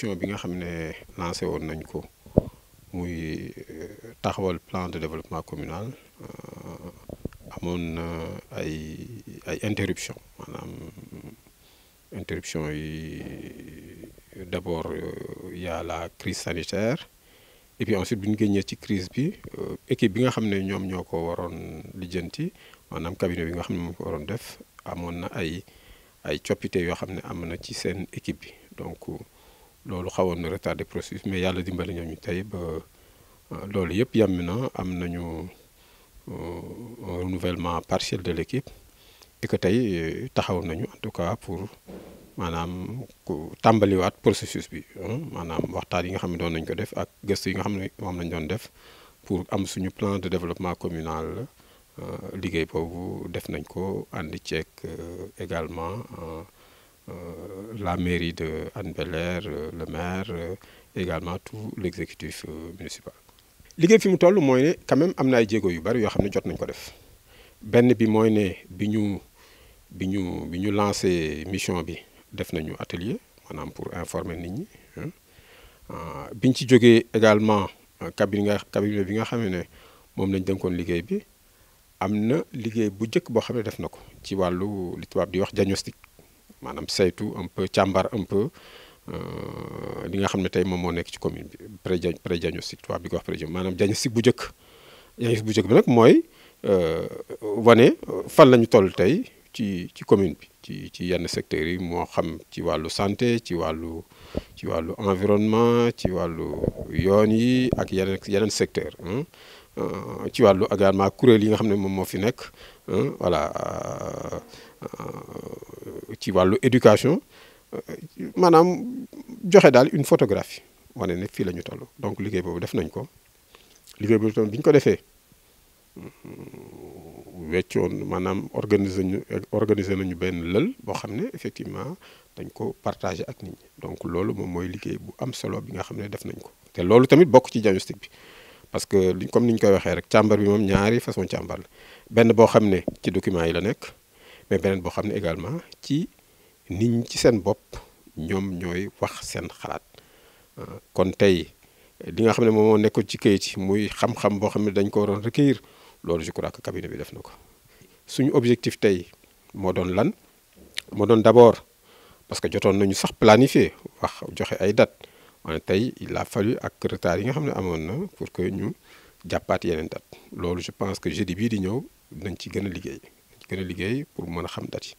mission bi nga xamné lancé euh, plan de développement communal euh, amone ay interruption interruption d'abord il euh, y a la crise sanitaire et puis ensuite bu une crise bi équipe bi nga cabinet bi nga def ay équipe donc loolu xawoon na des processus mais yàlla dimbali renouvellement partiel de l'équipe et que tey euh, en tout cas pour maanaam ku processus bi hein, yi nga doon nañ ko def ak yi pour am plan de développement communal pour euh, def nañ euh, euh, la mairie de Anne Belair euh, le maire euh, également tout l'exécutif municipal. liggéey fi mu toll mooy quand même am djego ay jéego yu bari yoo xam ne jot nañ ko def bi moy né biñu biñu biñu lancer mission bi def nañu atelier manam pour informer nit ñi hein. biñ ci joggé également cabinet nga cabinet bi nga xam ne moom lañ dénkoon liggéey bi amna na liggéey bu jëk bo xam def nako ko ci walu li tubaab di wax diagnostic. manam saytu un peu chambar un peu euh, li nga xamne tay mom mo nek ci commune bi pré pré diagnostic toi bi ko pré manam diagnostic bu jëk diagnostic bu jëk bi nak moy euh wone euh, fan lañu toll tay ci ci commune bi ci ci yenn secteur yi mo xam ci walu santé ci walu ci walu environnement ci walu yoon yi ak yenn yenen secteur hein euh, ci walu agarma kurel yi nga xamne mom mo fi nek hein voilà euh, Euh, ci walu éducation euh, manam joxé dal une photographie wane né fi lañu tollu donc liggéey bobu def nañ ko liggéey bobu tam bi ñu ko defee euh, weccoon manam organiser ñu organiser nañu ben lël bo xamné effectivement dañ ko partager ak nit ñi donc lolu mom moy liggéey bu am solo bi nga xamné def nañ ko té lolu tamit bokk ci diagnostic bi parce que comme niñ koy waxé rek càmbar bi mom ñaari façon chambre, la benn boo xam ci document yi la nek mais beneen bo xamné également ci nit ñi ci seen bop ñom ñoy wax seen xalaat euh, kon tay li nga xamné mo moom moo nekkoon ci kayit yi muy xam-xam bo xamné dañ ko waron recueillir lolu je crois que cabinet bi def nako suñu objectif tay mo don lan mo don d'abord parce que jotoon nañu sax planifier wax joxe ay date on tay il a fallu ak retard yi nga xamné amon na pour que ñu jappat yenen date lolu je pense que jeudi bi di ñew dañ ci gëna liggéey gën a liggéey pour mën a xam dat yi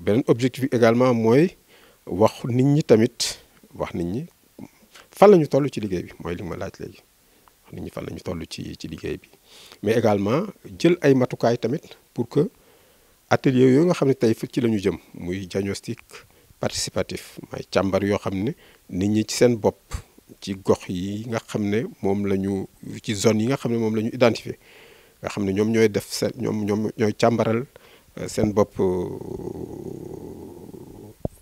beneen objectif également mooy wax nit ñi tamit wax nit ñi fan la ñu toll ci liggéey bi mooy li ma laaj léegi wax nit ñi fan la ñu toll ci ci liggéey bi mais également jël ay matukaay tamit pour que atelier yooyu nga xam ne tey ci la ñu jëm muy diagnostic participatif may càmbar yoo xam ne nit ñi ci seen bopp ci gox yi nga xam ne moom la ñu ci zone yi nga xam ne moom la ñu identifié nga xam ne ñoom ñooy def seen ñoom ñoom ñooy càmbaral euh, seen bopp euh,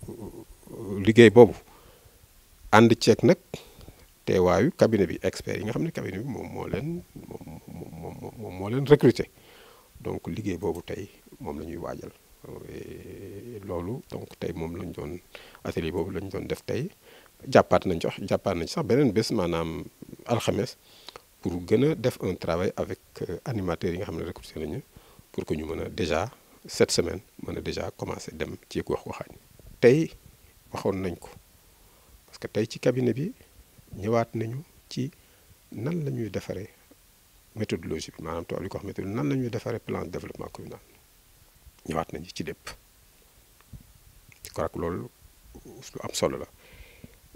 euh, liggéey boobu ànd ceeg nag teewaayu cabinet bi expert yi nga xam ne cabinet bi moom moo leen moom moom moo leen recruter donc liggéey boobu tey moom la ñuy waajal loolu donc tey moom lañ doon atelier boobu lañ doon def tey jàppaat nañ jox jàppaat nañ sax beneen bés maanaam alxames pour faire un travail avec euh, animateurs pour que nous déjà cette semaine nous déjà commencé dem ci wax parce que dans cabinet nous avons ci méthodologie plan de développement communal ñëwaat nañ ci que lool am solo la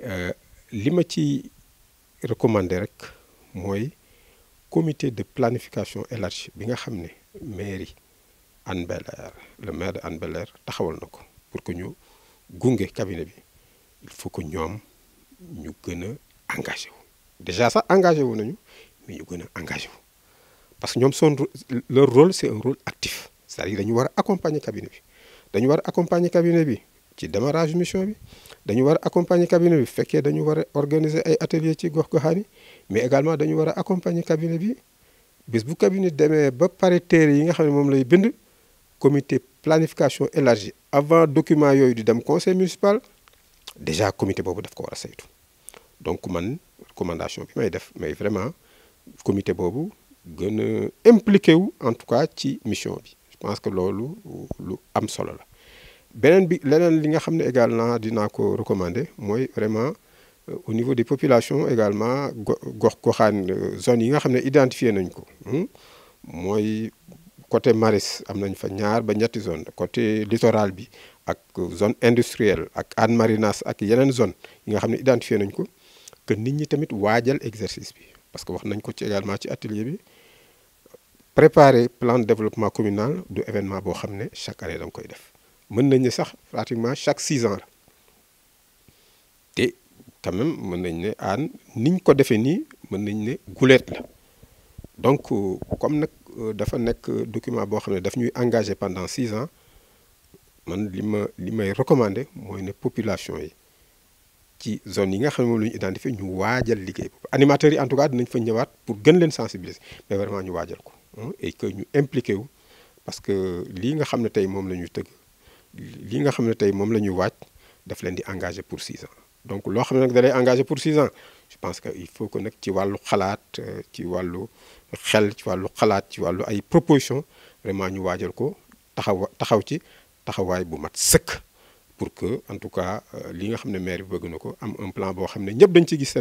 euh, ci comité de planification élargi bi nga xamné mairie Hann le maire de Hann taxawal nako pour que ñu gunge cabinet bi il faut que ñom ñu gën a engagé déjà ça, engagé wu nañu mais ñu a engagé wu parce que ñom son leur rôle c'est un rôle actif c'est-à-dire dañu war accompagner cabinet bi dañu war accompagner cabinet bi ci démarrage mission bi dañu war accompagner cabinet bi fekké dañu war organiser ay atelier ci gox goxaan mais également dañu war a accompagner cabinet bi bés bu cabinet demee ba pare téere yi nga xam ne moom lay bind comité planification élargie avant document yooyu di dem conseil municipal déjà comité boobu daf ko war a saytu donc man recommandation bi may def mais vraiment comité boobu gën a impliqué wu en tout cas ci mission bi je pense que loolu lu am solo la beneen bi leneen li nga xam ne également dinaa ko recommander mooy vraiment euh, au niveau des populations également gox euh, zones yi nga xamné identifier nañ ko moy hmm, côté maris am nañ fa ñaar ba zone côté littoral bi ak zone industrielle ak Marinas ak yenen zone yi nga xamné identifier identifié nañ ko que nit ñi tamit waajal exercice bi parce que wax nañ ko ci également ci atelier bi préparer plan de développement communal du événement bo xamné chaque année da koy def mën nañ ne sax pratiquement chaque six ans quand même mën nañ ne aan ah, niñ ko defee nii mën nañ ne guleet la donc euh, comme nag euh, dafa nek document boo xam ne daf ñuy engagé pendant six ans man lima, ma li may recommandé mooy ne population yi ci zone yi nga xam ne moom la ñu identifié ñu waajal en tout cas dinañ fa ñëwaat pour gën leen sensibilité, mais vraiment ñu waajal ko hein, et que ñu impliquer wu parce que lii nga xam ne tey moom la ñuy tëgg lii nga xam ne tey moom la ñuy daf leen di engagé pour six ans donc engagé pour six ans je pense que faut que nag ci wàllu xalaat euh, ci wàllu xel ci wàllu xalaat ci ay proposition vraiment ñu waajal ko taxaw taxaw ci bu pour que en tout cas euh, li nga maire un plan boo xam ne dañ ci gis